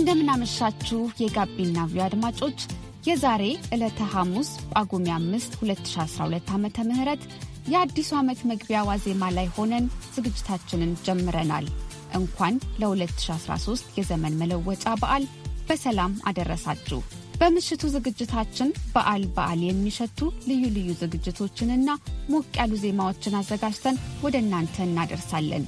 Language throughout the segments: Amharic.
እንደምናመሻችሁ የጋቢና ቪዮ አድማጮች የዛሬ ዕለተ ሐሙስ ጳጉሜ 5 2012 ዓ ም የአዲሱ ዓመት መግቢያ ዋዜማ ላይ ሆነን ዝግጅታችንን ጀምረናል። እንኳን ለ2013 የዘመን መለወጫ በዓል በሰላም አደረሳችሁ። በምሽቱ ዝግጅታችን በዓል በዓል የሚሸቱ ልዩ ልዩ ዝግጅቶችንና ሞቅ ያሉ ዜማዎችን አዘጋጅተን ወደ እናንተ እናደርሳለን።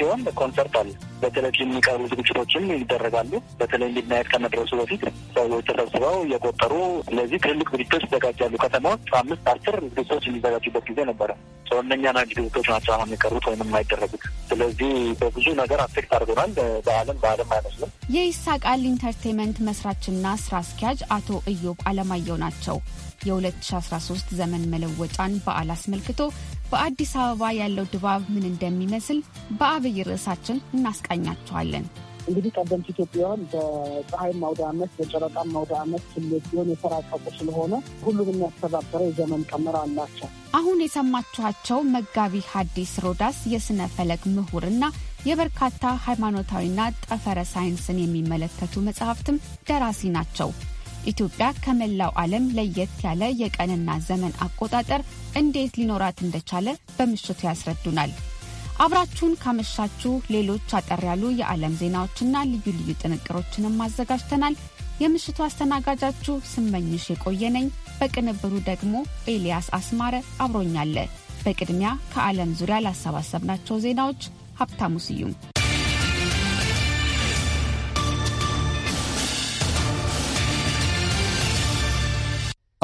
ሲሆን ኮንሰርት አለ በቴሌቪዥን የሚቀርቡ ዝግጅቶችም ይደረጋሉ። በተለይ እንዲናየት ከመድረሱ በፊት ሰዎች ተሰብስበው እየቆጠሩ እነዚህ ትልልቅ ዝግጅቶች ይዘጋጃሉ። ከተማዎች አምስት አስር ዝግጅቶች የሚዘጋጁበት ጊዜ ነበረ። ሰው እነኛ ና ዝግጅቶች ናቸው አሁን የቀሩት ወይም የማይደረጉት። ስለዚህ በብዙ ነገር አፌክት አድርጎናል። በዓለም በዓለም አይመስልም። የይሳቃል ኢንተርቴንመንት መስራችና ስራ አስኪያጅ አቶ እዮብ አለማየሁ ናቸው። የ2013 ዘመን መለወጫን በዓል አስመልክቶ በአዲስ አበባ ያለው ድባብ ምን እንደሚመስል በአብይ ርዕሳችን እናስቀኛቸዋለን። እንግዲህ ቀደምት ኢትዮጵያውያን በፀሐይ አውደ ዓመት በጨረቃ አውደ ዓመት ስሌት የተራቀቁ ስለሆነ ሁሉም የሚያስተባበረ የዘመን ቀመር አላቸው። አሁን የሰማችኋቸው መጋቢ ሐዲስ ሮዳስ የሥነ ፈለግ ምሁርና የበርካታ ሃይማኖታዊና ጠፈረ ሳይንስን የሚመለከቱ መጽሐፍትም ደራሲ ናቸው። ኢትዮጵያ ከመላው ዓለም ለየት ያለ የቀንና ዘመን አቆጣጠር እንዴት ሊኖራት እንደቻለ በምሽቱ ያስረዱናል። አብራችሁን ካመሻችሁ ሌሎች አጠር ያሉ የዓለም ዜናዎችና ልዩ ልዩ ጥንቅሮችንም አዘጋጅተናል። የምሽቱ አስተናጋጃችሁ ስመኝሽ የቆየ ነኝ። በቅንብሩ ደግሞ ኤልያስ አስማረ አብሮኛለ። በቅድሚያ ከዓለም ዙሪያ ላሰባሰብናቸው ዜናዎች ሀብታሙ ስዩም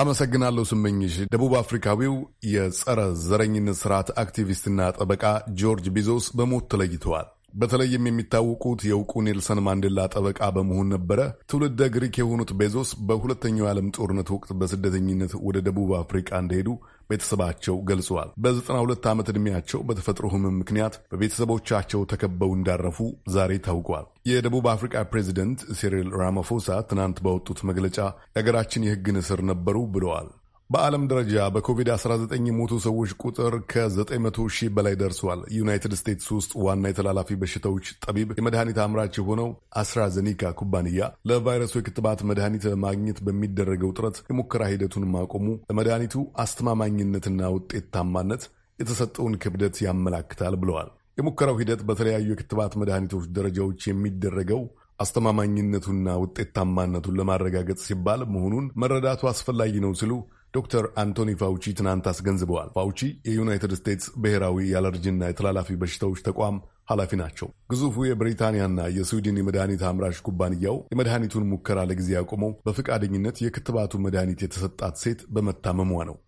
አመሰግናለሁ ስመኝሽ። ደቡብ አፍሪካዊው የጸረ ዘረኝነት ስርዓት አክቲቪስትና ጠበቃ ጆርጅ ቢዞስ በሞት ተለይተዋል። በተለይም የሚታወቁት የእውቁ ኔልሰን ማንዴላ ጠበቃ በመሆን ነበረ። ትውልደ ግሪክ የሆኑት ቤዞስ በሁለተኛው የዓለም ጦርነት ወቅት በስደተኝነት ወደ ደቡብ አፍሪቃ እንደሄዱ ቤተሰባቸው ገልጸዋል። በ92 ዓመት ዕድሜያቸው በተፈጥሮ ህመም ምክንያት በቤተሰቦቻቸው ተከበው እንዳረፉ ዛሬ ታውቋል። የደቡብ አፍሪካ ፕሬዚደንት ሲሪል ራማፎሳ ትናንት ባወጡት መግለጫ የሀገራችን የህግን እስር ነበሩ ብለዋል። በዓለም ደረጃ በኮቪድ-19 የሞቱ ሰዎች ቁጥር ከ900 ሺህ በላይ ደርሷል። ዩናይትድ ስቴትስ ውስጥ ዋና የተላላፊ በሽታዎች ጠቢብ የመድኃኒት አምራች የሆነው አስትራዘኒካ ኩባንያ ለቫይረሱ የክትባት መድኃኒት ለማግኘት በሚደረገው ጥረት የሙከራ ሂደቱን ማቆሙ ለመድኃኒቱ አስተማማኝነትና ውጤታማነት የተሰጠውን ክብደት ያመላክታል ብለዋል። የሙከራው ሂደት በተለያዩ የክትባት መድኃኒቶች ደረጃዎች የሚደረገው አስተማማኝነቱና ውጤታማነቱን ለማረጋገጥ ሲባል መሆኑን መረዳቱ አስፈላጊ ነው ሲሉ ዶክተር አንቶኒ ፋውቺ ትናንት አስገንዝበዋል። ፋውቺ የዩናይትድ ስቴትስ ብሔራዊ የአለርጂና የተላላፊ በሽታዎች ተቋም ኃላፊ ናቸው። ግዙፉ የብሪታንያና የስዊድን የመድኃኒት አምራች ኩባንያው የመድኃኒቱን ሙከራ ለጊዜ ያቆመው በፈቃደኝነት የክትባቱ መድኃኒት የተሰጣት ሴት በመታመሟ ነው።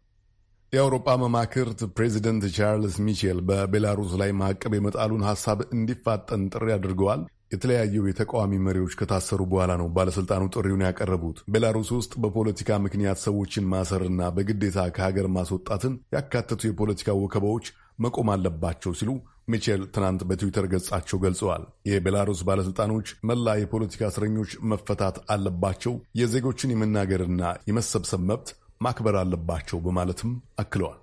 የአውሮፓ መማክርት ፕሬዚደንት ቻርልስ ሚቼል በቤላሩስ ላይ ማዕቀብ የመጣሉን ሐሳብ እንዲፋጠን ጥሪ አድርገዋል። የተለያዩ የተቃዋሚ መሪዎች ከታሰሩ በኋላ ነው ባለስልጣኑ ጥሪውን ያቀረቡት። ቤላሩስ ውስጥ በፖለቲካ ምክንያት ሰዎችን ማሰርና በግዴታ ከሀገር ማስወጣትን ያካተቱ የፖለቲካ ወከባዎች መቆም አለባቸው ሲሉ ሚቼል ትናንት በትዊተር ገጻቸው ገልጸዋል። የቤላሩስ ባለስልጣኖች መላ የፖለቲካ እስረኞች መፈታት አለባቸው፣ የዜጎችን የመናገርና የመሰብሰብ መብት ማክበር አለባቸው በማለትም አክለዋል።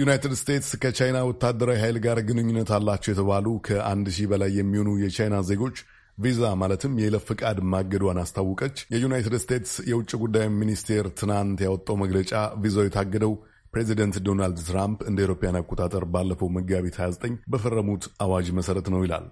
ዩናይትድ ስቴትስ ከቻይና ወታደራዊ ኃይል ጋር ግንኙነት አላቸው የተባሉ ከአንድ ሺህ በላይ የሚሆኑ የቻይና ዜጎች ቪዛ ማለትም የይለፍ ፍቃድ ማገዷን አስታወቀች። የዩናይትድ ስቴትስ የውጭ ጉዳይ ሚኒስቴር ትናንት ያወጣው መግለጫ ቪዛው የታገደው ፕሬዚደንት ዶናልድ ትራምፕ እንደ አውሮፓውያን አቆጣጠር ባለፈው መጋቢት 29 በፈረሙት አዋጅ መሰረት ነው ይላል።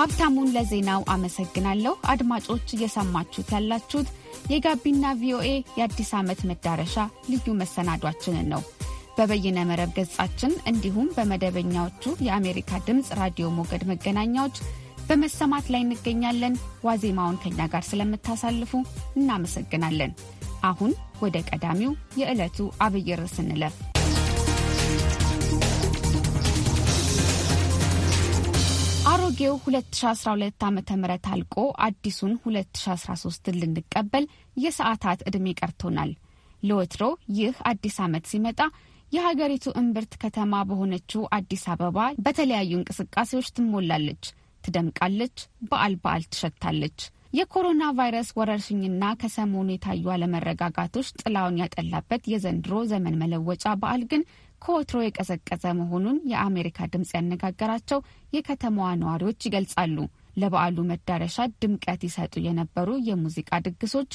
ሀብታሙን ለዜናው አመሰግናለሁ። አድማጮች እየሰማችሁት ያላችሁት የጋቢና ቪኦኤ የአዲስ ዓመት መዳረሻ ልዩ መሰናዷችንን ነው። በበይነ መረብ ገጻችን እንዲሁም በመደበኛዎቹ የአሜሪካ ድምፅ ራዲዮ ሞገድ መገናኛዎች በመሰማት ላይ እንገኛለን። ዋዜማውን ከኛ ጋር ስለምታሳልፉ እናመሰግናለን። አሁን ወደ ቀዳሚው የዕለቱ አብይ ርዕስ እንለፍ። አሮጌው 2012 ዓ ም አልቆ አዲሱን 2013 ልንቀበል የሰዓታት ዕድሜ ቀርቶናል። ለወትሮ ይህ አዲስ ዓመት ሲመጣ የሀገሪቱ እምብርት ከተማ በሆነችው አዲስ አበባ በተለያዩ እንቅስቃሴዎች ትሞላለች፣ ትደምቃለች፣ በዓል በዓል ትሸታለች። የኮሮና ቫይረስ ወረርሽኝና ከሰሞኑ የታዩ አለመረጋጋቶች ጥላውን ያጠላበት የዘንድሮ ዘመን መለወጫ በዓል ግን ከወትሮ የቀዘቀዘ መሆኑን የአሜሪካ ድምፅ ያነጋገራቸው የከተማዋ ነዋሪዎች ይገልጻሉ። ለበዓሉ መዳረሻ ድምቀት ይሰጡ የነበሩ የሙዚቃ ድግሶች፣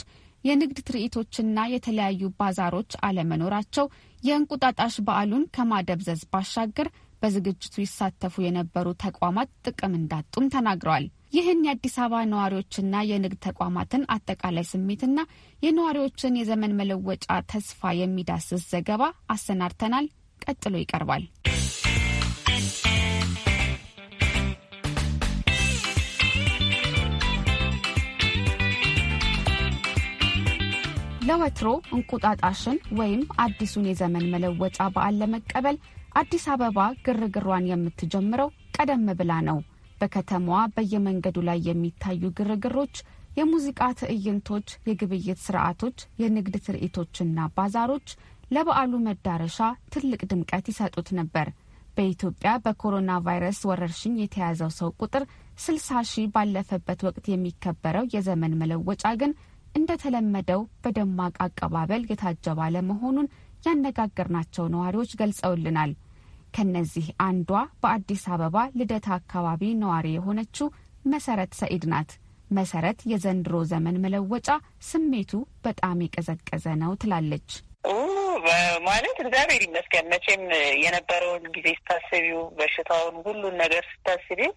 የንግድ ትርኢቶችና የተለያዩ ባዛሮች አለመኖራቸው የእንቁጣጣሽ በዓሉን ከማደብዘዝ ባሻገር በዝግጅቱ ይሳተፉ የነበሩ ተቋማት ጥቅም እንዳጡም ተናግረዋል። ይህን የአዲስ አበባ ነዋሪዎችና የንግድ ተቋማትን አጠቃላይ ስሜትና የነዋሪዎችን የዘመን መለወጫ ተስፋ የሚዳስስ ዘገባ አሰናድተናል። ቀጥሎ ይቀርባል። ለወትሮ እንቁጣጣሽን ወይም አዲሱን የዘመን መለወጫ በዓል ለመቀበል አዲስ አበባ ግርግሯን የምትጀምረው ቀደም ብላ ነው። በከተማዋ በየመንገዱ ላይ የሚታዩ ግርግሮች፣ የሙዚቃ ትዕይንቶች፣ የግብይት ስርዓቶች፣ የንግድ ትርኢቶችና ባዛሮች ለበዓሉ መዳረሻ ትልቅ ድምቀት ይሰጡት ነበር። በኢትዮጵያ በኮሮና ቫይረስ ወረርሽኝ የተያዘው ሰው ቁጥር 60 ሺህ ባለፈበት ወቅት የሚከበረው የዘመን መለወጫ ግን እንደተለመደው በደማቅ አቀባበል የታጀበ አለመሆኑን ያነጋገርናቸው ነዋሪዎች ገልጸውልናል። ከነዚህ አንዷ በአዲስ አበባ ልደታ አካባቢ ነዋሪ የሆነችው መሰረት ሰኢድ ናት። መሰረት የዘንድሮ ዘመን መለወጫ ስሜቱ በጣም የቀዘቀዘ ነው ትላለች። ማለት እግዚአብሔር ይመስገን መቼም የነበረውን ጊዜ ስታስቢው በሽታውን ሁሉን ነገር ስታስቢው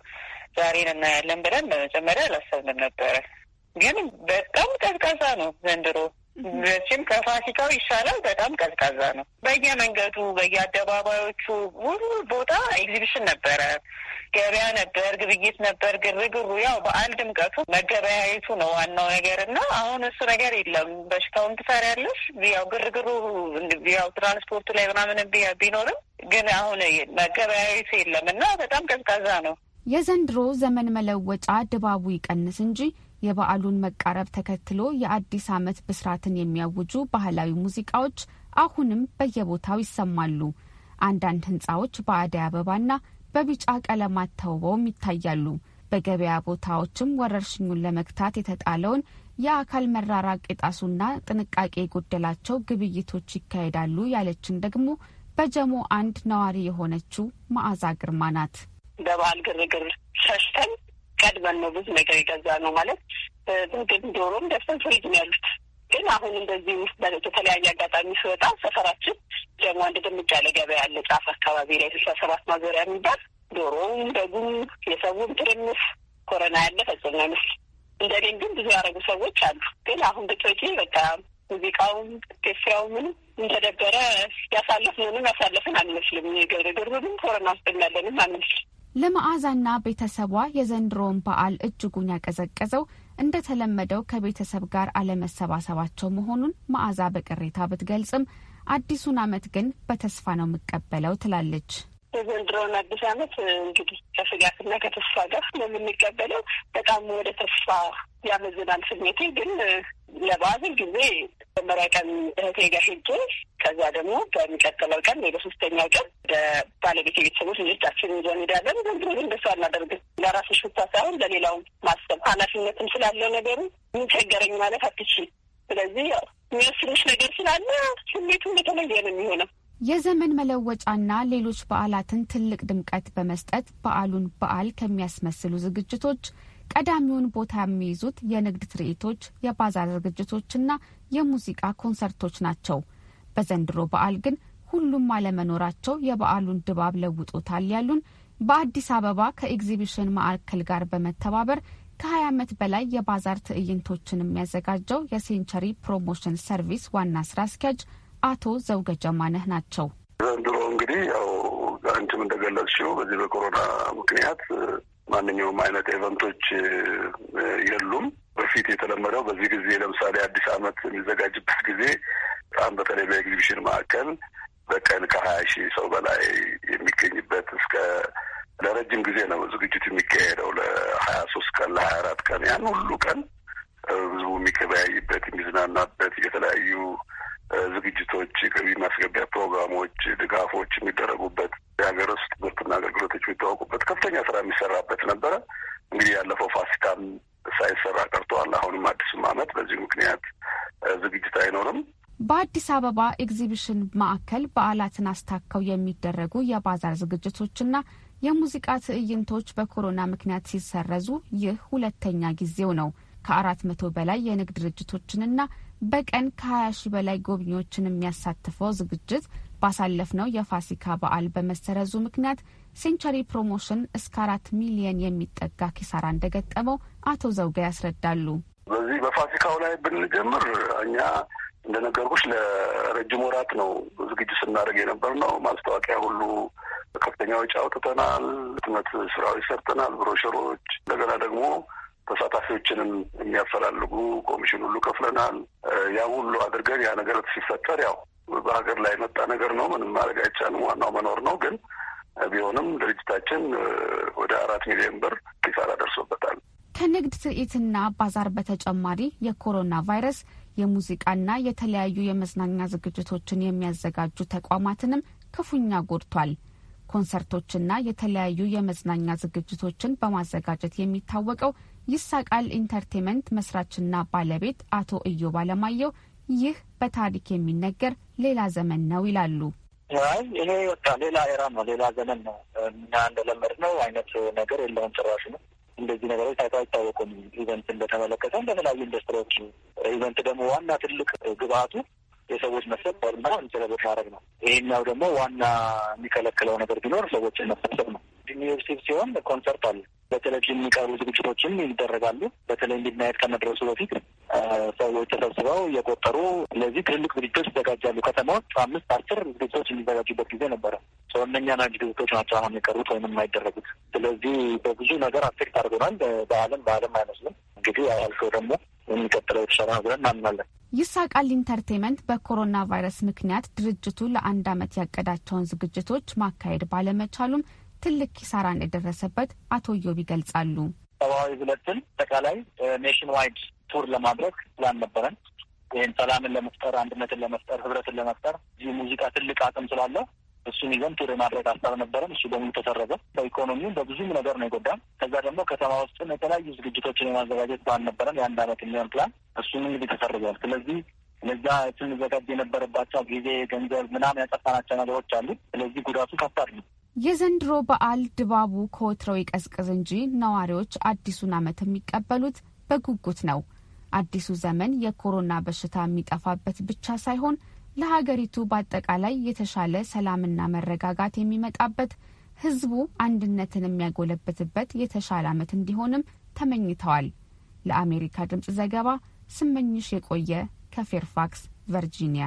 ዛሬን እናያለን ብለን በመጀመሪያ አላሰብንም ነበረ። ግን በጣም ቀዝቃዛ ነው ዘንድሮ። መቼም ከፋሲካው ይሻላል። በጣም ቀዝቃዛ ነው። በየመንገዱ በየአደባባዮቹ ሁሉ ቦታ ኤግዚቢሽን ነበረ። ገበያ ነበር፣ ግብይት ነበር፣ ግርግሩ ያው በዓል ድምቀቱ መገበያየቱ ነው ዋናው ነገር እና አሁን እሱ ነገር የለም። በሽታውን ትሰሪያለሽ። ያው ግርግሩ ያው ትራንስፖርቱ ላይ ምናምን ቢኖርም ግን አሁን መገበያየቱ የለም እና በጣም ቀዝቃዛ ነው። የዘንድሮ ዘመን መለወጫ ድባቡ ይቀንስ እንጂ የበዓሉን መቃረብ ተከትሎ የአዲስ ዓመት ብስራትን የሚያውጁ ባህላዊ ሙዚቃዎች አሁንም በየቦታው ይሰማሉ። አንዳንድ ህንጻዎች በአደይ አበባና በቢጫ ቀለማት ተውበውም ይታያሉ። በገበያ ቦታዎችም ወረርሽኙን ለመግታት የተጣለውን የአካል መራራቅ የጣሱና ጥንቃቄ የጎደላቸው ግብይቶች ይካሄዳሉ ያለችን ደግሞ በጀሞ አንድ ነዋሪ የሆነችው መዓዛ ግርማ ናት። በባህል ግርግር ሸሽተን ቀድመን ነው ብዙ ነገር የገዛ ነው ማለት በግን ዶሮም ደፍተን ፍሪጅ ነው ያሉት። ግን አሁን እንደዚህ የተለያየ አጋጣሚ ሲወጣ ሰፈራችን አንድ ድምቅ ያለ ገበያ ያለ ጫፍ አካባቢ ላይ ስልሳ ሰባት ማዞሪያ የሚባል ዶሮውም፣ በጉም፣ የሰውም ትርምስ ኮረና ያለ ፈጽሞ ምስል እንደኔም ግን ብዙ ያደረጉ ሰዎች አሉ። ግን አሁን ብትወጪ በቃ ሙዚቃውም ገፊያው ምንም እንደነበረ ያሳለፍንንም ያሳለፍን አንመስልም። የግርግር ምንም ኮረና ውስጥ ያለንም አንመስልም። ለመዓዛና ቤተሰቧ የዘንድሮውን በዓል እጅጉን ያቀዘቀዘው እንደተለመደው ከቤተሰብ ጋር አለመሰባሰባቸው መሆኑን መዓዛ በቅሬታ ብትገልጽም አዲሱን አመት ግን በተስፋ ነው የምቀበለው ትላለች። የዘንድሮን አዲስ አመት እንግዲህ ከስጋትና ከተስፋ ጋር ነው የምንቀበለው። በጣም ወደ ተስፋ ያመዝናል ስሜቴ። ግን ለበዓል ጊዜ መጀመሪያ ቀን እህቴ ጋር ሄጄ ከዛ ደግሞ በሚቀጥለው ቀን ወደ ሶስተኛው ቀን ወደ ባለቤት ቤተሰቦች ልጆቻችን ይዞ እንሄዳለን። ዘንድሮ ግን እንደሱ አናደርግም። ለራስሽ ብቻ ሳይሆን ለሌላው ማሰብ ኃላፊነትም ስላለው ነገሩ ምን ቸገረኝ ማለት አትችል። ስለዚህ ነገር ስላለ ስሜቱ የተለየ ነው የሚሆነው። የዘመን መለወጫና ሌሎች በዓላትን ትልቅ ድምቀት በመስጠት በዓሉን በዓል ከሚያስመስሉ ዝግጅቶች ቀዳሚውን ቦታ የሚይዙት የንግድ ትርኢቶች፣ የባዛር ዝግጅቶችና የሙዚቃ ኮንሰርቶች ናቸው። በዘንድሮ በዓል ግን ሁሉም አለመኖራቸው የበዓሉን ድባብ ለውጦታል ያሉን በአዲስ አበባ ከኤግዚቢሽን ማዕከል ጋር በመተባበር ከ20 ዓመት በላይ የባዛር ትዕይንቶችን የሚያዘጋጀው የሴንቸሪ ፕሮሞሽን ሰርቪስ ዋና ስራ አስኪያጅ አቶ ዘውገ ጀማነህ ናቸው። ዘንድሮ እንግዲህ ያው አንቺም እንደገለጽሽው በዚህ በኮሮና ምክንያት ማንኛውም አይነት ኤቨንቶች የሉም። በፊት የተለመደው በዚህ ጊዜ ለምሳሌ አዲስ አመት የሚዘጋጅበት ጊዜ በጣም በተለይ በኤግዚቢሽን ማዕከል በቀን ከሀያ ሺህ ሰው በላይ የሚገኝበት እስከ ለረጅም ጊዜ ነው ዝግጅቱ የሚካሄደው ለሀያ ሶስት ቀን ለሀያ አራት ቀን ያን ሁሉ ቀን ህዝቡ የሚከበያይበት የሚዝናናበት የተለያዩ ዝግጅቶች ገቢ ማስገቢያ ፕሮግራሞች፣ ድጋፎች የሚደረጉበት የሀገር ውስጥ ምርትና አገልግሎቶች የሚታወቁበት ከፍተኛ ስራ የሚሰራበት ነበረ። እንግዲህ ያለፈው ፋሲካም ሳይሰራ ቀርተዋል። አሁንም አዲሱም ዓመት በዚህ ምክንያት ዝግጅት አይኖርም። በአዲስ አበባ ኤግዚቢሽን ማዕከል በዓላትን አስታከው የሚደረጉ የባዛር ዝግጅቶችና የሙዚቃ ትዕይንቶች በኮሮና ምክንያት ሲሰረዙ ይህ ሁለተኛ ጊዜው ነው። ከአራት መቶ በላይ የንግድ ድርጅቶችንና በቀን ከ20 ሺ በላይ ጎብኚዎችን የሚያሳትፈው ዝግጅት ባሳለፍነው የፋሲካ በዓል በመሰረዙ ምክንያት ሴንቸሪ ፕሮሞሽን እስከ አራት ሚሊየን የሚጠጋ ኪሳራ እንደገጠመው አቶ ዘውጋ ያስረዳሉ። በዚህ በፋሲካው ላይ ብንጀምር እኛ እንደነገርኩሽ ለረጅም ወራት ነው ዝግጅት ስናደርግ የነበር ነው። ማስታወቂያ ሁሉ ከፍተኛ ወጪ አውጥተናል። ህትመት ስራዎች ሰርተናል፣ ብሮሸሮች። እንደገና ደግሞ ተሳታፊዎችንም የሚያፈላልጉ ኮሚሽን ሁሉ ከፍለናል። ያ ሁሉ አድርገን ያ ነገር ሲፈጠር ያው በሀገር ላይ መጣ ነገር ነው። ምንም ማድረግ አይቻልም። ዋናው መኖር ነው ግን ቢሆንም ድርጅታችን ወደ አራት ሚሊዮን ብር ኪሳራ ደርሶበታል። ከንግድ ትርኢትና ባዛር በተጨማሪ የኮሮና ቫይረስ የሙዚቃና የተለያዩ የመዝናኛ ዝግጅቶችን የሚያዘጋጁ ተቋማትንም ክፉኛ ጎድቷል። ኮንሰርቶችና የተለያዩ የመዝናኛ ዝግጅቶችን በማዘጋጀት የሚታወቀው ይሳቃል ኢንተርቴንመንት መስራችና ባለቤት አቶ እዮ ባለማየው ይህ በታሪክ የሚነገር ሌላ ዘመን ነው ይላሉ። ይሄ ወጣ ሌላ ኤራ ነው፣ ሌላ ዘመን ነው። እና እንደለመድ ነው አይነት ነገር የለውም ጭራሽ ነው። እንደዚህ ነገሮች ታይቶ አይታወቁም። ኢቨንትን በተመለከተም በተለያዩ ኢንዱስትሪዎች ኢቨንት ደግሞ ዋና ትልቅ ግብአቱ የሰዎች መሰብሰብ እና እንጨለበት ማድረግ ነው። ይሄኛው ደግሞ ዋና የሚከለክለው ነገር ቢኖር ሰዎችን መሰብሰብ ነው። ኒውዮርክ ሲቲ ሲሆን ኮንሰርት አለ በቴሌቪዥን የሚቀርቡ ዝግጅቶችም ይደረጋሉ። በተለይ እንዲናየት ከመድረሱ በፊት ሰዎች ተሰብስበው የቆጠሩ እነዚህ ትልልቅ ዝግጅቶች ይዘጋጃሉ። ከተማዎች አምስት አስር ዝግጅቶች የሚዘጋጁበት ጊዜ ነበረ። ሰነኛ ና ዝግጅቶች ናቸው አሁን የቀሩት ወይም የማይደረጉት። ስለዚህ በብዙ ነገር አፌክት አድርጎናል። በዓለም በዓለም አይመስልም እንግዲህ ያልከው ደግሞ የሚቀጥለው የተሻለ ብለን እናምናለን። ይሳቃል ኢንተርቴንመንት በኮሮና ቫይረስ ምክንያት ድርጅቱ ለአንድ ዓመት ያቀዳቸውን ዝግጅቶች ማካሄድ ባለመቻሉም ትልቅ ኪሳራ እንደደረሰበት አቶ ዮብ ይገልጻሉ። ሰብአዊ ብለትን አጠቃላይ ኔሽን ዋይድ ቱር ለማድረግ ፕላን ነበረን። ይህን ሰላምን ለመፍጠር፣ አንድነትን ለመፍጠር፣ ህብረትን ለመፍጠር እዚህ ሙዚቃ ትልቅ አቅም ስላለው እሱን ይዘን ቱር የማድረግ ሀሳብ ነበረን። እሱ በሙሉ ተሰረዘ። በኢኮኖሚውም በብዙም ነገር ነው የጎዳም። ከዛ ደግሞ ከተማ ውስጥም የተለያዩ ዝግጅቶችን የማዘጋጀት ባል ነበረን፣ የአንድ አመት የሚሆን ፕላን። እሱም እንግዲህ ተሰርዟል። ስለዚህ ለዛ ስንዘጋጅ የነበረባቸው ጊዜ፣ ገንዘብ ምናምን ያጠፋናቸው ነገሮች አሉ። ስለዚህ ጉዳቱ ከባድ ነው። የዘንድሮ በዓል ድባቡ ከወትረው ይቀዝቅዝ እንጂ ነዋሪዎች አዲሱን ዓመት የሚቀበሉት በጉጉት ነው። አዲሱ ዘመን የኮሮና በሽታ የሚጠፋበት ብቻ ሳይሆን ለሀገሪቱ በአጠቃላይ የተሻለ ሰላምና መረጋጋት የሚመጣበት ህዝቡ አንድነትን የሚያጎለብትበት የተሻለ ዓመት እንዲሆንም ተመኝተዋል። ለአሜሪካ ድምፅ ዘገባ ስመኝሽ የቆየ ከፌርፋክስ ቨርጂኒያ።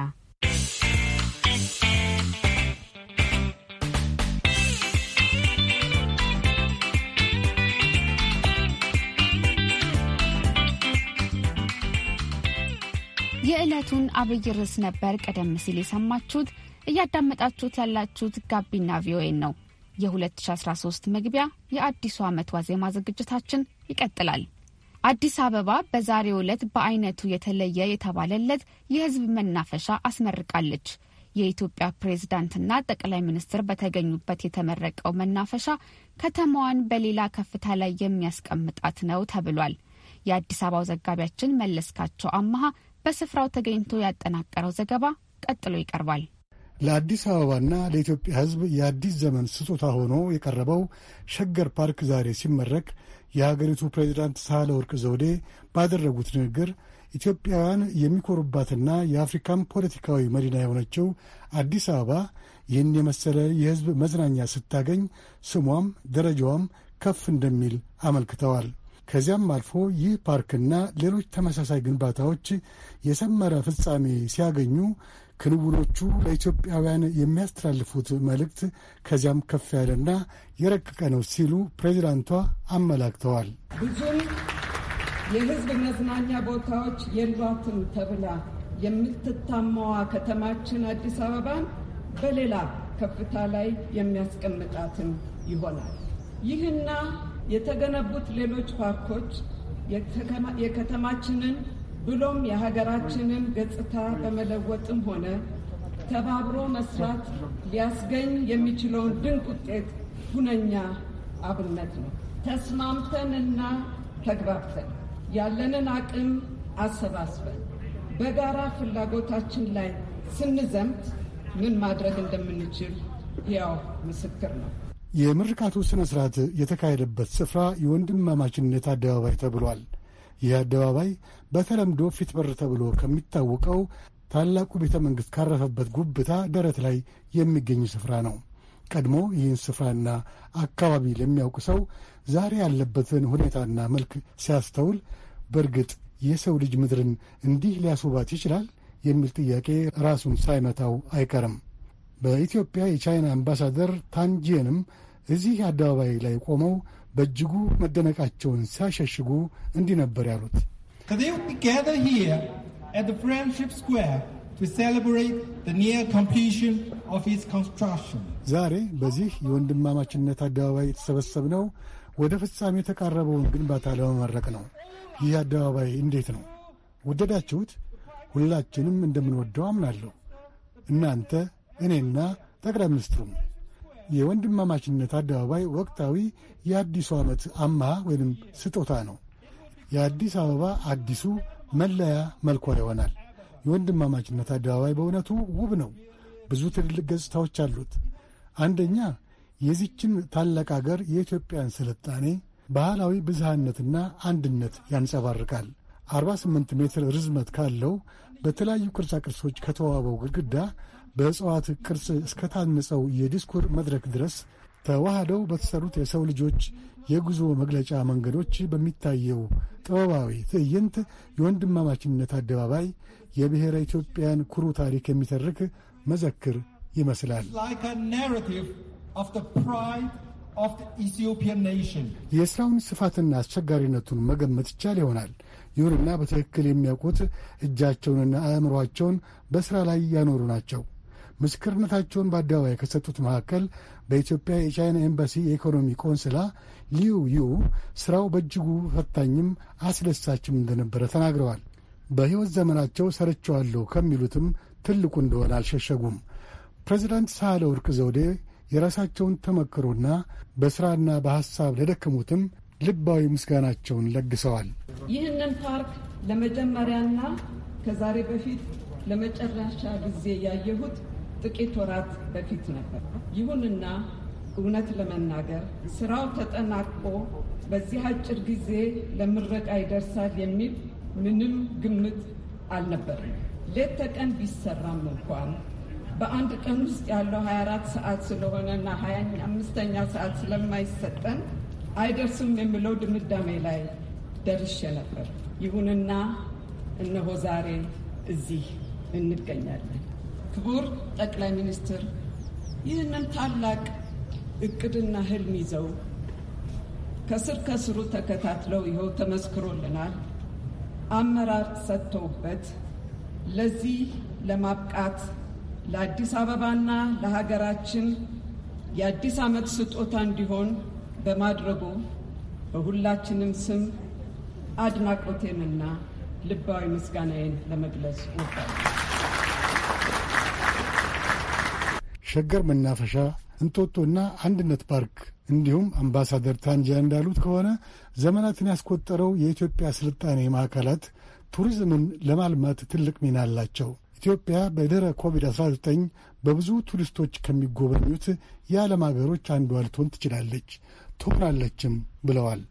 የዕለቱን አብይ ርዕስ ነበር ቀደም ሲል የሰማችሁት። እያዳመጣችሁት ያላችሁት ጋቢና ቪኦኤ ነው። የ2013 መግቢያ የአዲሱ ዓመት ዋዜማ ዝግጅታችን ይቀጥላል። አዲስ አበባ በዛሬው ዕለት በአይነቱ የተለየ የተባለለት የህዝብ መናፈሻ አስመርቃለች። የኢትዮጵያ ፕሬዝዳንትና ጠቅላይ ሚኒስትር በተገኙበት የተመረቀው መናፈሻ ከተማዋን በሌላ ከፍታ ላይ የሚያስቀምጣት ነው ተብሏል። የአዲስ አበባው ዘጋቢያችን መለስካቸው አመሃ በስፍራው ተገኝቶ ያጠናቀረው ዘገባ ቀጥሎ ይቀርባል። ለአዲስ አበባና ለኢትዮጵያ ሕዝብ የአዲስ ዘመን ስጦታ ሆኖ የቀረበው ሸገር ፓርክ ዛሬ ሲመረቅ የሀገሪቱ ፕሬዚዳንት ሳህለ ወርቅ ዘውዴ ባደረጉት ንግግር ኢትዮጵያውያን የሚኮሩባትና የአፍሪካም ፖለቲካዊ መዲና የሆነችው አዲስ አበባ ይህን የመሰለ የሕዝብ መዝናኛ ስታገኝ ስሟም ደረጃዋም ከፍ እንደሚል አመልክተዋል። ከዚያም አልፎ ይህ ፓርክና ሌሎች ተመሳሳይ ግንባታዎች የሰመረ ፍጻሜ ሲያገኙ ክንውኖቹ ለኢትዮጵያውያን የሚያስተላልፉት መልእክት ከዚያም ከፍ ያለና የረቀቀ ነው ሲሉ ፕሬዚዳንቷ አመላክተዋል። ብዙም የሕዝብ መዝናኛ ቦታዎች የሏትም ተብላ የምትታማዋ ከተማችን አዲስ አበባን በሌላ ከፍታ ላይ የሚያስቀምጣትም ይሆናል። ይህና የተገነቡት ሌሎች ፓርኮች የከተማችንን ብሎም የሀገራችንን ገጽታ በመለወጥም ሆነ ተባብሮ መስራት ሊያስገኝ የሚችለውን ድንቅ ውጤት ሁነኛ አብነት ነው። ተስማምተንና ተግባብተን ያለንን አቅም አሰባስበን በጋራ ፍላጎታችን ላይ ስንዘምት ምን ማድረግ እንደምንችል ያው ምስክር ነው። የምርቃቱ ሥነ ሥርዓት የተካሄደበት ስፍራ የወንድማማችነት አደባባይ ተብሏል። ይህ አደባባይ በተለምዶ ፊት በር ተብሎ ከሚታወቀው ታላቁ ቤተ መንግሥት ካረፈበት ጉብታ ደረት ላይ የሚገኝ ስፍራ ነው። ቀድሞ ይህን ስፍራና አካባቢ ለሚያውቅ ሰው ዛሬ ያለበትን ሁኔታና መልክ ሲያስተውል በእርግጥ የሰው ልጅ ምድርን እንዲህ ሊያስውባት ይችላል የሚል ጥያቄ ራሱን ሳይመታው አይቀርም። በኢትዮጵያ የቻይና አምባሳደር ታንጂየንም እዚህ አደባባይ ላይ ቆመው በእጅጉ መደነቃቸውን ሲያሸሽጉ እንዲህ ነበር ያሉት። ዛሬ በዚህ የወንድማማችነት አደባባይ የተሰበሰብነው ወደ ፍጻሜ የተቃረበውን ግንባታ ለመመረቅ ነው። ይህ አደባባይ እንዴት ነው? ወደዳችሁት? ሁላችንም እንደምንወደው አምናለሁ። እናንተ እኔና ጠቅላይ ሚኒስትሩም የወንድማማችነት አደባባይ ወቅታዊ የአዲሱ ዓመት አምሃ ወይም ስጦታ ነው። የአዲስ አበባ አዲሱ መለያ መልኳ ይሆናል። የወንድማማችነት አደባባይ በእውነቱ ውብ ነው። ብዙ ትልልቅ ገጽታዎች አሉት። አንደኛ የዚችን ታላቅ አገር የኢትዮጵያን ስልጣኔ ባህላዊ ብዝሃነትና አንድነት ያንጸባርቃል። 48 ሜትር ርዝመት ካለው በተለያዩ ቅርጻቅርሶች ከተዋበው ግድግዳ በእጽዋት ቅርጽ እስከታነጸው የዲስኩር መድረክ ድረስ ተዋህደው በተሰሩት የሰው ልጆች የጉዞ መግለጫ መንገዶች በሚታየው ጥበባዊ ትዕይንት የወንድማማችነት አደባባይ የብሔረ ኢትዮጵያን ኩሩ ታሪክ የሚተርክ መዘክር ይመስላል። የሥራውን ስፋትና አስቸጋሪነቱን መገመት ይቻል ይሆናል። ይሁንና በትክክል የሚያውቁት እጃቸውንና አእምሯቸውን በሥራ ላይ ያኖሩ ናቸው። ምስክርነታቸውን በአደባባይ ከሰጡት መካከል በኢትዮጵያ የቻይና ኤምባሲ የኢኮኖሚ ቆንስላ ሊዩ ዩ ስራው በእጅጉ ፈታኝም አስደሳችም እንደነበረ ተናግረዋል። በሕይወት ዘመናቸው ሰርቸዋለሁ ከሚሉትም ትልቁ እንደሆነ አልሸሸጉም። ፕሬዚዳንት ሳህለ ወርቅ ዘውዴ የራሳቸውን ተመክሮና በሥራና በሐሳብ ለደከሙትም ልባዊ ምስጋናቸውን ለግሰዋል። ይህንን ፓርክ ለመጀመሪያና ከዛሬ በፊት ለመጨረሻ ጊዜ ያየሁት ጥቂት ወራት በፊት ነበር። ይሁንና እውነት ለመናገር ስራው ተጠናቆ በዚህ አጭር ጊዜ ለምረቃ ይደርሳል የሚል ምንም ግምት አልነበርም። ሌት ተቀን ቢሰራም እንኳን በአንድ ቀን ውስጥ ያለው 24 ሰዓት ስለሆነና 25ኛ ሰዓት ስለማይሰጠን አይደርስም የሚለው ድምዳሜ ላይ ደርሼ ነበር። ይሁንና እነሆ ዛሬ እዚህ እንገኛለን። ክቡር ጠቅላይ ሚኒስትር ይህንን ታላቅ እቅድና ህልም ይዘው ከስር ከስሩ ተከታትለው ይኸው ተመስክሮልናል፣ አመራር ሰጥተውበት ለዚህ ለማብቃት ለአዲስ አበባና ለሀገራችን የአዲስ ዓመት ስጦታ እንዲሆን በማድረጉ በሁላችንም ስም አድናቆቴንና ልባዊ ምስጋናዬን ለመግለጽ ወዳለሁ። ሸገር መናፈሻ፣ እንጦጦና አንድነት ፓርክ እንዲሁም አምባሳደር ታንጃ እንዳሉት ከሆነ ዘመናትን ያስቆጠረው የኢትዮጵያ ስልጣኔ ማዕከላት ቱሪዝምን ለማልማት ትልቅ ሚና አላቸው። ኢትዮጵያ በደረ ኮቪድ-19 በብዙ ቱሪስቶች ከሚጎበኙት የዓለም አገሮች አንዷ ልትሆን ትችላለች፣ ትሆናለችም ብለዋል።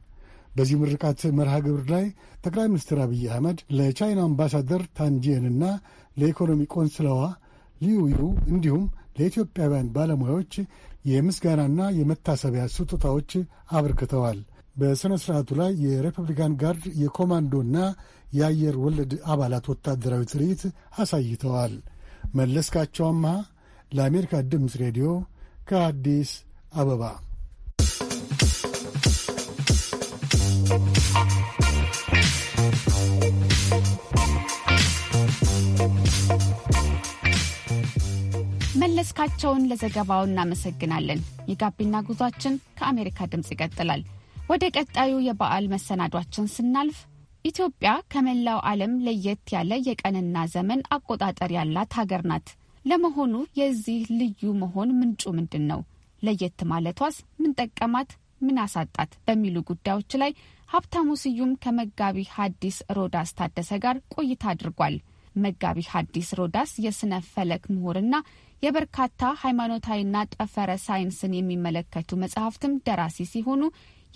በዚህ ምርቃት መርሃ ግብር ላይ ጠቅላይ ሚኒስትር አብይ አህመድ ለቻይና አምባሳደር ታንጂየንና ለኢኮኖሚ ቆንስላዋ ሊዩዩ እንዲሁም ለኢትዮጵያውያን ባለሙያዎች የምስጋናና የመታሰቢያ ስጦታዎች አበርክተዋል። በሥነ ሥርዓቱ ላይ የሪፐብሊካን ጋርድ የኮማንዶና የአየር ወለድ አባላት ወታደራዊ ትርኢት አሳይተዋል። መለስካቸው አምሃ ለአሜሪካ ድምፅ ሬዲዮ ከአዲስ አበባ Thank you. መለስካቸውን ለዘገባው እናመሰግናለን። የጋቢና ጉዟችን ከአሜሪካ ድምፅ ይቀጥላል። ወደ ቀጣዩ የበዓል መሰናዷችን ስናልፍ ኢትዮጵያ ከመላው ዓለም ለየት ያለ የቀንና ዘመን አቆጣጠር ያላት ሀገር ናት። ለመሆኑ የዚህ ልዩ መሆን ምንጩ ምንድን ነው? ለየት ማለቷስ ምን ጠቀማት? ምን አሳጣት? በሚሉ ጉዳዮች ላይ ሀብታሙ ስዩም ከመጋቢ ሐዲስ ሮዳስ ታደሰ ጋር ቆይታ አድርጓል። መጋቢ ሐዲስ ሮዳስ የስነ ፈለክ ምሁርና የበርካታ ሃይማኖታዊና ጠፈረ ሳይንስን የሚመለከቱ መጽሐፍትም ደራሲ ሲሆኑ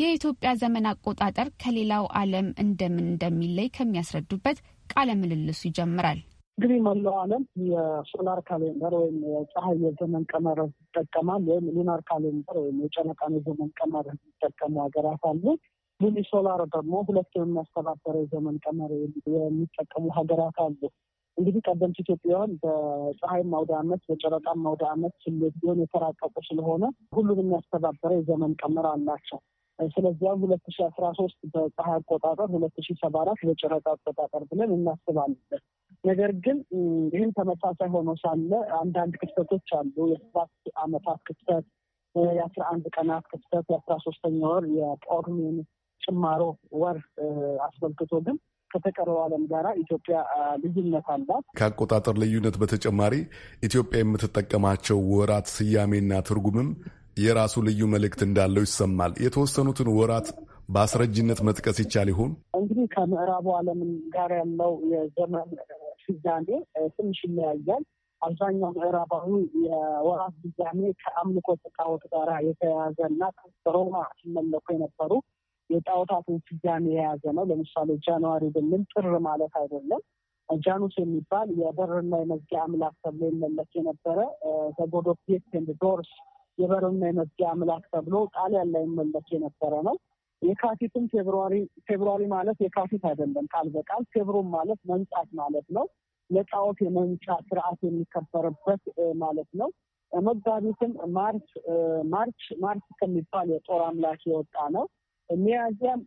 የኢትዮጵያ ዘመን አቆጣጠር ከሌላው ዓለም እንደምን እንደሚለይ ከሚያስረዱበት ቃለ ምልልሱ ይጀምራል። እንግዲህ መላው ዓለም የሶላር ካሌንደር ወይም የፀሐይ የዘመን ቀመር ይጠቀማል። ወይም ሉናር ካሌንደር ወይም የጨረቃን የዘመን ቀመር የሚጠቀሙ ሀገራት አሉ። ሉኒ ሶላር ደግሞ ሁለቱ የሚያስተባበረ የዘመን ቀመር የሚጠቀሙ ሀገራት አሉ። እንግዲህ ቀደምት ኢትዮጵያውያን በፀሐይም ማውደ ዓመት በጨረቃም ማውደ ዓመት ስሌት ቢሆን የተራቀቁ ስለሆነ ሁሉም የሚያስተባበረ የዘመን ቀመር አላቸው። ስለዚያም ሁለት ሺ አስራ ሶስት በፀሐይ አቆጣጠር ሁለት ሺ ሰባ አራት በጨረቃ አቆጣጠር ብለን እናስባለን። ነገር ግን ይህም ተመሳሳይ ሆኖ ሳለ አንዳንድ ክስተቶች አሉ። የሰባት ዓመታት ክስተት፣ የአስራ አንድ ቀናት ክስተት፣ የአስራ ሶስተኛ ወር የጳጉሜን ጭማሮ ወር አስመልክቶ ግን ከተቀረው ዓለም ጋር ኢትዮጵያ ልዩነት አላት። ከአቆጣጠር ልዩነት በተጨማሪ ኢትዮጵያ የምትጠቀማቸው ወራት ስያሜና ትርጉምም የራሱ ልዩ መልእክት እንዳለው ይሰማል። የተወሰኑትን ወራት በአስረጅነት መጥቀስ ይቻል ይሆን? እንግዲህ ከምዕራቡ ዓለም ጋር ያለው የዘመን ስያሜ ትንሽ ይለያያል። አብዛኛው ምዕራባዊ የወራት ስያሜ ከአምልኮ ተቃወት ጋር የተያያዘ እና ሮማ ሲመለኩ የነበሩ የጣዖታትን ስያሜ የያዘ ነው። ለምሳሌ ጃንዋሪ ብንል ጥር ማለት አይደለም። ጃኑስ የሚባል የበርና የመዝጊያ አምላክ ተብሎ ይመለክ የነበረ ዘጎድ ኦፍ ጌትስ ኤንድ ዶርስ የበርና የመዝጊያ አምላክ ተብሎ ጣሊያን ላይ ይመለክ የነበረ ነው። የካቲትም ፌብሩዋሪ ፌብሩዋሪ ማለት የካቲት አይደለም ቃል በቃል ፌብሩም ማለት መንጻት ማለት ነው። ለጣዖት የመንጫ ስርዓት የሚከበርበት ማለት ነው። መጋቢትም ማርች ማርች ማርች ከሚባል የጦር አምላክ የወጣ ነው። ሚያዚያም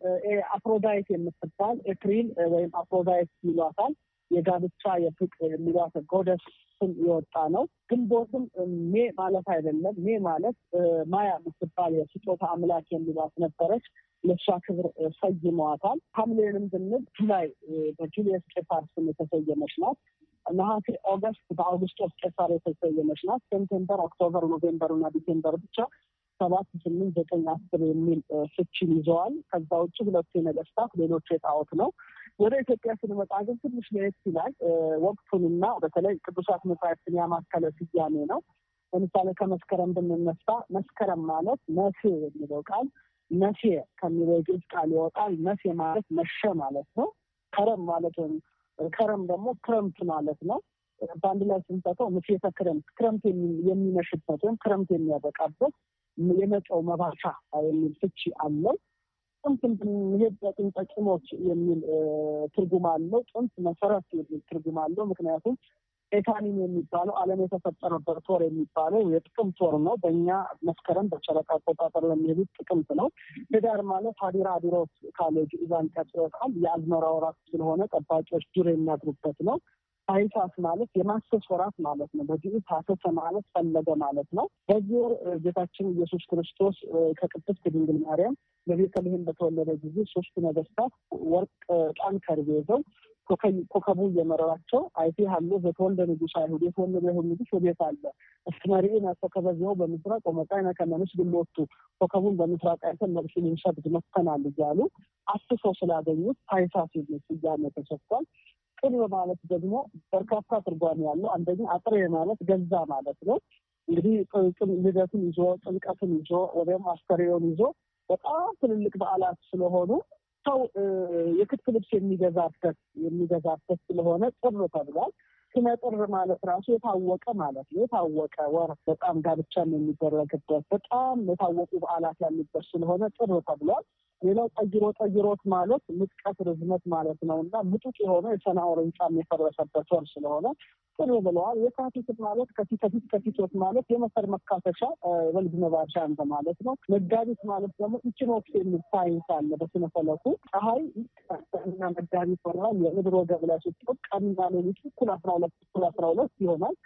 አፍሮዳይት የምትባል ኤፕሪል ወይም አፍሮዳይት ይሏታል የጋብቻ የፍቅ የሚሏት ጎደስ ስም የወጣ ነው። ግንቦትም ሜ ማለት አይደለም። ሜ ማለት ማያ የምትባል የስጦታ አምላክ የሚሏት ነበረች። ለእሷ ክብር ሰይመዋታል። ሐምሌንም ብንል ጁላይ በጁልየስ ቄሳር ስም የተሰየመች ናት። ነሐሴ ኦገስት በአውግስጦስ ቄሳር የተሰየመች ናት። ሴፕቴምበር፣ ኦክቶበር፣ ኖቬምበር እና ዲሴምበር ብቻ ሰባት ስምንት ዘጠኝ አስር የሚል ፍቺን ይዘዋል። ከዛ ውጭ ሁለቱ የነገስታት ሌሎቹ የጣዖት ነው። ወደ ኢትዮጵያ ስንመጣ ግን ትንሽ ለየት ይላል። ወቅቱንና በተለይ ቅዱሳት መጽሐፍትን ያማከለ ስያሜ ነው። ለምሳሌ ከመስከረም ብንነሳ መስከረም ማለት መሴ የሚለው ቃል መሴ ከሚለው የግዕዝ ቃል ይወጣል። መሴ ማለት መሸ ማለት ነው። ከረም ማለት ወይም ከረም ደግሞ ክረምት ማለት ነው። በአንድ ላይ ስንጠተው ምሴተ ክረምት፣ ክረምት የሚመሽበት ወይም ክረምት የሚያበቃበት የመጫው መባቻ የሚል ፍቺ አለው። ጥንት መሄድ ለጥንተ ቂሞች የሚል ትርጉም አለው። ጥንት መሰረት የሚል ትርጉም አለው። ምክንያቱም ኤታኒን የሚባለው ዓለም የተፈጠረበት ወር የሚባለው የጥቅምት ወር ነው። በእኛ መስከረም በጨረቃ አቆጣጠር ለሚሄዱት ጥቅምት ነው። ህዳር ማለት ሀዲራ አዲሮስ ካሌጅ ኢዛን ይወጣል። የአዝመራ ወራት ስለሆነ ጠባቂዎች ዱር የሚያድሩበት ነው። አይሳት ማለት የማሰስ ወራት ማለት ነው። በግዕዝ ታሰሰ ማለት ፈለገ ማለት ነው። በዚህ ወር ጌታችን ኢየሱስ ክርስቶስ ከቅድስት ድንግል ማርያም በቤተልሔም በተወለደ ጊዜ ሶስቱ ነገስታት ወርቅ፣ ጣን ከርቤ ይዘው ኮከቡ እየመረራቸው አይቴ ሀሎ በተወልደ ንጉሥ አይሁድ የተወለደ አይሁድ ንጉሥ ወዴት አለ ናቶ ከበዚያው በምስራቅ ወመቃዕነ ከመንስ ንስግድ ኮከቡን በምስራቅ አይተን መርሱ ልንሰግድ መጥተናል እያሉ አስሰው ስላገኙት ታይሳስ የሚል ስያሜ ተሰጥቷል። ቅል ማለት ደግሞ በርካታ ትርጓሜ ያለው አንደኛ አጥሬ ማለት ገዛ ማለት ነው። እንግዲህ ልደትን ይዞ ጥምቀትን ይዞ ወይም አስተሬውን ይዞ በጣም ትልልቅ በዓላት ስለሆኑ ሰው የክት ልብስ የሚገዛበት የሚገዛበት ስለሆነ ጥር ተብሏል። ስነ ጥር ማለት ራሱ የታወቀ ማለት ነው። የታወቀ ወር በጣም ጋብቻ የሚደረግበት በጣም የታወቁ በዓላት ያሉበት ስለሆነ ጥር ተብሏል። ሌላው ጠይሮ ጠይሮት ማለት ምጥቀት ርዝመት ማለት ነው እና ምጡቅ የሆነ የሰናው ርንጫም የፈረሰበት ወር ስለሆነ ጥሩ ብለዋል። የካቲት ማለት ከፊት ከፊት ከፊቶት ማለት የመሰር መካፈሻ ወልድ መባሻ እንደ ማለት ነው። መጋቢት ማለት ደግሞ ኢኪኖክስ የሚል ሳይንስ አለ በስነፈለኩ ፈለኩ ፀሐይ እና መጋቢት ሆናል። የምድሮ ገብላ ላይ ስትቆም ቀንና ሌሊት እኩል አስራ ሁለት እኩል አስራ ሁለት ይሆናል።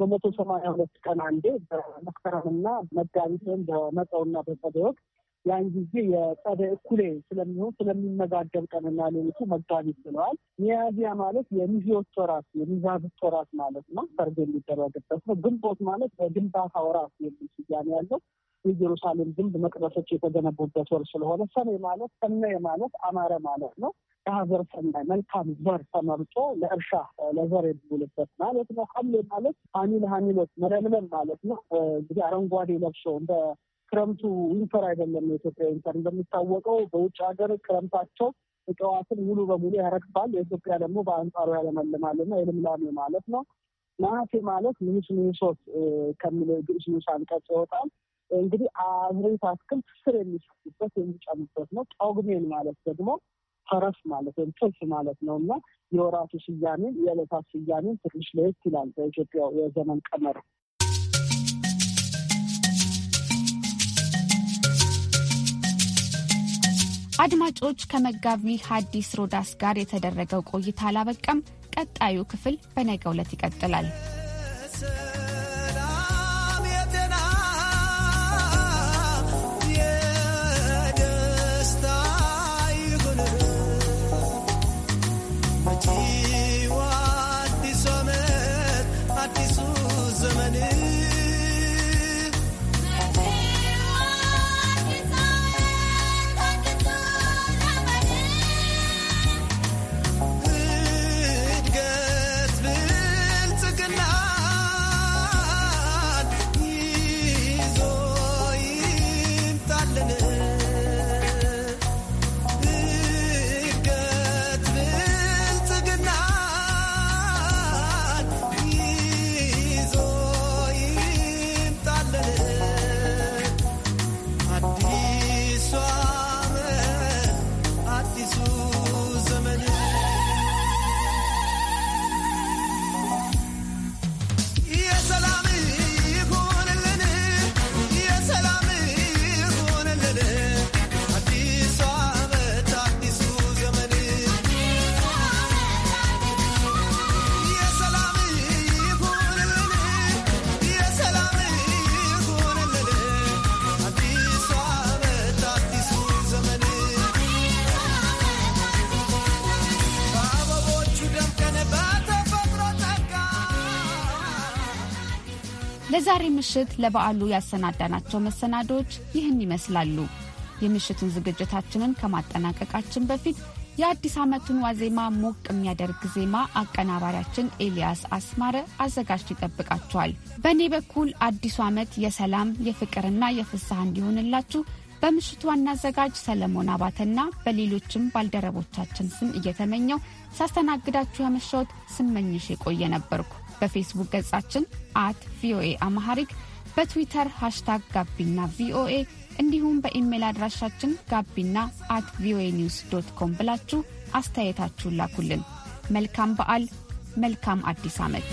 በመቶ ሰማንያ ሁለት ቀን አንዴ በመስከረምና መጋቢት ወይም በመጠውና በጸደይ ወቅት ያን ጊዜ የጸደ እኩሌ ስለሚሆን ስለሚመጋገብ ቀንና ሌሊቱ መጋቢት ብለዋል። ሚያዝያ ማለት የሚዜዎች ወራት የሚዛብት ወራት ማለት ነው። ሰርግ የሚደረግበት ነው። ግንቦት ማለት በግንባታ ወራት የሚል ስያሜ ያለው የኢየሩሳሌም ግንብ መቅደሶች የተገነቡበት ወር ስለሆነ ሰኔ ማለት ሰነ ማለት አማረ ማለት ነው። የሀዘር ሰናይ መልካም ዘር ተመርጦ ለእርሻ ለዘር የሚውልበት ማለት ነው። ሐምሌ ማለት ሀሚል ሀሚሎች መለምለም ማለት ነው። እንግዲህ አረንጓዴ ለብሶ እንደ ክረምቱ ዊንተር አይደለም። የኢትዮጵያ ዊንተር እንደሚታወቀው በውጭ ሀገር ክረምታቸው እጽዋትን ሙሉ በሙሉ ያረግፋል። የኢትዮጵያ ደግሞ በአንጻሩ ያለመልማል ያለመልማልና የልምላሜ ማለት ነው። ነሐሴ ማለት ንሱ ንሶት ከሚለው ግዕዝ ንዑስ አንቀጽ ይወጣል። እንግዲህ አብሬት አትክልት ስር የሚሰጡበት የሚጨምበት ነው። ጳጉሜን ማለት ደግሞ ፈረስ ማለት ወይም ትልፍ ማለት ነው እና የወራቱ ስያሜን የዕለታት ስያሜን ትንሽ ለየት ይላል በኢትዮጵያ የዘመን ቀመር አድማጮች ከመጋቢ ሐዲስ ሮዳስ ጋር የተደረገው ቆይታ አላበቀም፣ ቀጣዩ ክፍል በነገው ዕለት ይቀጥላል። ምሽት ለበዓሉ ያሰናዳናቸው መሰናዶዎች ይህን ይመስላሉ። የምሽቱን ዝግጅታችንን ከማጠናቀቃችን በፊት የአዲስ ዓመቱን ዋዜማ ሞቅ የሚያደርግ ዜማ አቀናባሪያችን ኤልያስ አስማረ አዘጋጅቶ ይጠብቃችኋል። በእኔ በኩል አዲሱ ዓመት የሰላም የፍቅርና የፍስሐ እንዲሆንላችሁ በምሽቱ ዋና አዘጋጅ ሰለሞን አባተና በሌሎችም ባልደረቦቻችን ስም እየተመኘው ሳስተናግዳችሁ ያመሻውት ስመኝሽ የቆየ ነበርኩ። በፌስቡክ ገጻችን አት ቪኦኤ አማሐሪክ በትዊተር ሃሽታግ ጋቢና ቪኦኤ እንዲሁም በኢሜይል አድራሻችን ጋቢና አት ቪኦኤ ኒውስ ዶት ኮም ብላችሁ አስተያየታችሁን ላኩልን። መልካም በዓል፣ መልካም አዲስ ዓመት።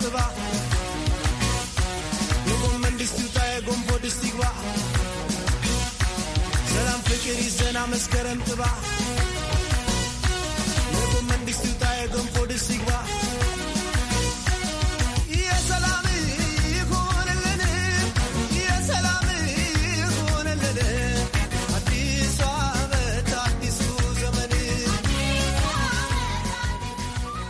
对吧？